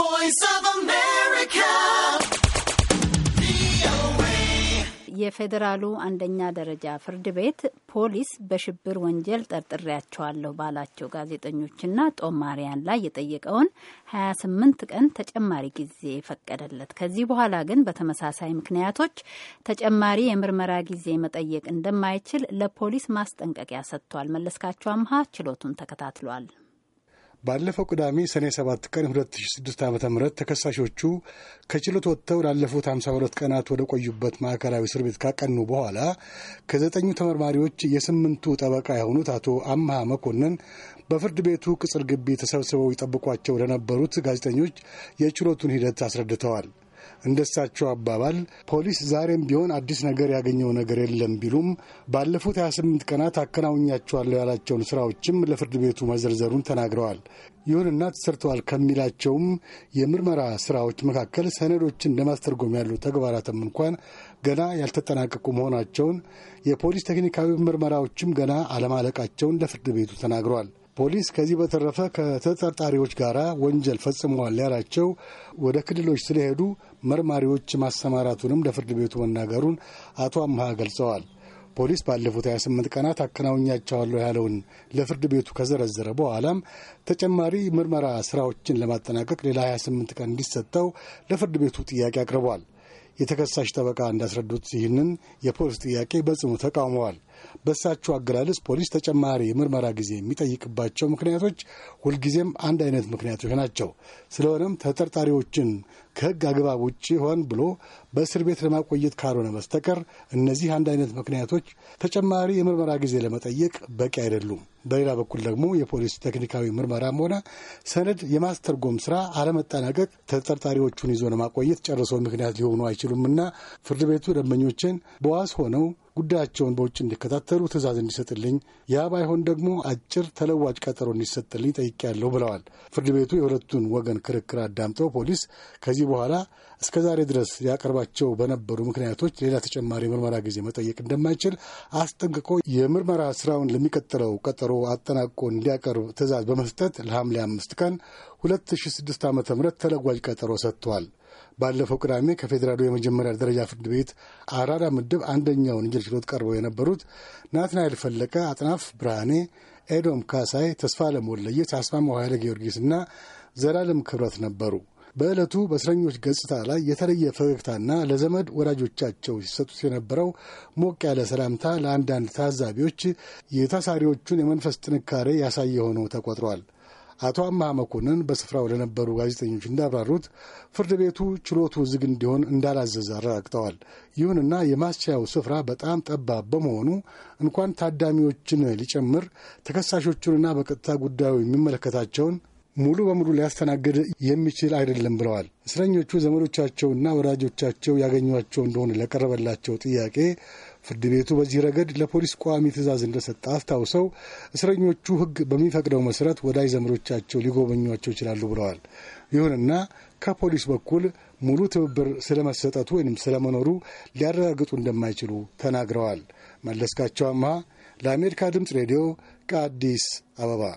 voice of America. የፌዴራሉ አንደኛ ደረጃ ፍርድ ቤት ፖሊስ በሽብር ወንጀል ጠርጥሬያቸዋለሁ ባላቸው ጋዜጠኞችና ጦማሪያን ላይ የጠየቀውን 28 ቀን ተጨማሪ ጊዜ ፈቀደለት። ከዚህ በኋላ ግን በተመሳሳይ ምክንያቶች ተጨማሪ የምርመራ ጊዜ መጠየቅ እንደማይችል ለፖሊስ ማስጠንቀቂያ ሰጥቷል። መለስካቸው አምሃ ችሎቱን ተከታትሏል። ባለፈው ቅዳሜ ሰኔ 7 ቀን 2006 ዓ ም ተከሳሾቹ ከችሎት ወጥተው ላለፉት 52 ቀናት ወደ ቆዩበት ማዕከላዊ እስር ቤት ካቀኑ በኋላ ከዘጠኙ ተመርማሪዎች የስምንቱ ጠበቃ የሆኑት አቶ አምሃ መኮንን በፍርድ ቤቱ ቅጽር ግቢ ተሰብስበው ይጠብቋቸው ለነበሩት ጋዜጠኞች የችሎቱን ሂደት አስረድተዋል። እንደሳቸው አባባል ፖሊስ ዛሬም ቢሆን አዲስ ነገር ያገኘው ነገር የለም ቢሉም ባለፉት 28 ቀናት አከናውኛቸዋለሁ ያላቸውን ስራዎችም ለፍርድ ቤቱ መዘርዘሩን ተናግረዋል። ይሁንና ተሰርተዋል ከሚላቸውም የምርመራ ስራዎች መካከል ሰነዶችን ለማስተርጎም ያሉ ተግባራትም እንኳን ገና ያልተጠናቀቁ መሆናቸውን፣ የፖሊስ ቴክኒካዊ ምርመራዎችም ገና አለማለቃቸውን ለፍርድ ቤቱ ተናግረዋል። ፖሊስ ከዚህ በተረፈ ከተጠርጣሪዎች ጋር ወንጀል ፈጽመዋል ያላቸው ወደ ክልሎች ስለሄዱ መርማሪዎች ማሰማራቱንም ለፍርድ ቤቱ መናገሩን አቶ አምሃ ገልጸዋል። ፖሊስ ባለፉት 28 ቀናት አከናውኛቸዋለሁ ያለውን ለፍርድ ቤቱ ከዘረዘረ በኋላም ተጨማሪ ምርመራ ስራዎችን ለማጠናቀቅ ሌላ 28 ቀን እንዲሰጠው ለፍርድ ቤቱ ጥያቄ አቅርቧል። የተከሳሽ ጠበቃ እንዳስረዱት ይህንን የፖሊስ ጥያቄ በጽኑ ተቃውመዋል። በእሳቸው አገላለጽ ፖሊስ ተጨማሪ የምርመራ ጊዜ የሚጠይቅባቸው ምክንያቶች ሁልጊዜም አንድ አይነት ምክንያቶች ናቸው። ስለሆነም ተጠርጣሪዎችን ከህግ አግባብ ውጭ ሆን ብሎ በእስር ቤት ለማቆየት ካልሆነ በስተቀር እነዚህ አንድ አይነት ምክንያቶች ተጨማሪ የምርመራ ጊዜ ለመጠየቅ በቂ አይደሉም። በሌላ በኩል ደግሞ የፖሊስ ቴክኒካዊ ምርመራም ሆነ ሰነድ የማስተርጎም ስራ አለመጠናቀቅ ተጠርጣሪዎቹን ይዞ ለማቆየት ጨርሶ ምክንያት ሊሆኑ አይችሉምና ፍርድ ቤቱ ደንበኞችን በዋስ ሆነው ጉዳያቸውን በውጭ እንዲከታተሉ ትእዛዝ እንዲሰጥልኝ፣ ያ ባይሆን ደግሞ አጭር ተለዋጭ ቀጠሮ እንዲሰጥልኝ ጠይቄያለሁ ብለዋል። ፍርድ ቤቱ የሁለቱን ወገን ክርክር አዳምጠው ፖሊስ ከዚህ በኋላ እስከ ዛሬ ድረስ ያቀርባቸው በነበሩ ምክንያቶች ሌላ ተጨማሪ የምርመራ ጊዜ መጠየቅ እንደማይችል አስጠንቅቆ የምርመራ ስራውን ለሚቀጥለው ቀጠሮ አጠናቆ እንዲያቀርብ ትእዛዝ በመስጠት ለሐምሌ አምስት ቀን 2006 ዓ ም ተለዋጅ ቀጠሮ ሰጥቷል። ባለፈው ቅዳሜ ከፌዴራሉ የመጀመሪያ ደረጃ ፍርድ ቤት አራዳ ምድብ አንደኛውን ወንጀል ችሎት ቀርበው የነበሩት ናትናኤል ፈለቀ፣ አጥናፍ ብርሃኔ፣ ኤዶም ካሳይ፣ ተስፋለም ወልደየስ፣ አስማማው ኃይለ ጊዮርጊስና ዘላለም ክብረት ነበሩ። በዕለቱ በእስረኞች ገጽታ ላይ የተለየ ፈገግታና ለዘመድ ወዳጆቻቸው ሲሰጡት የነበረው ሞቅ ያለ ሰላምታ ለአንዳንድ ታዛቢዎች የታሳሪዎቹን የመንፈስ ጥንካሬ ያሳየ ሆነው ተቆጥሯል። አቶ አማ መኮንን በስፍራው ለነበሩ ጋዜጠኞች እንዳብራሩት ፍርድ ቤቱ ችሎቱ ዝግ እንዲሆን እንዳላዘዘ አረጋግጠዋል። ይሁንና የማስቻያው ስፍራ በጣም ጠባብ በመሆኑ እንኳን ታዳሚዎችን ሊጨምር ተከሳሾቹንና በቀጥታ ጉዳዩ የሚመለከታቸውን ሙሉ በሙሉ ሊያስተናግድ የሚችል አይደለም ብለዋል። እስረኞቹ ዘመዶቻቸውና ወዳጆቻቸው ያገኟቸው እንደሆነ ለቀረበላቸው ጥያቄ ፍርድ ቤቱ በዚህ ረገድ ለፖሊስ ቋሚ ትዕዛዝ እንደሰጠ አስታውሰው እስረኞቹ ሕግ በሚፈቅደው መሰረት ወዳጅ ዘመዶቻቸው ሊጎበኟቸው ይችላሉ ብለዋል። ይሁንና ከፖሊስ በኩል ሙሉ ትብብር ስለመሰጠቱ ወይም ስለመኖሩ ሊያረጋግጡ እንደማይችሉ ተናግረዋል። መለስካቸው አምሃ ለአሜሪካ ድምፅ ሬዲዮ ከአዲስ አበባ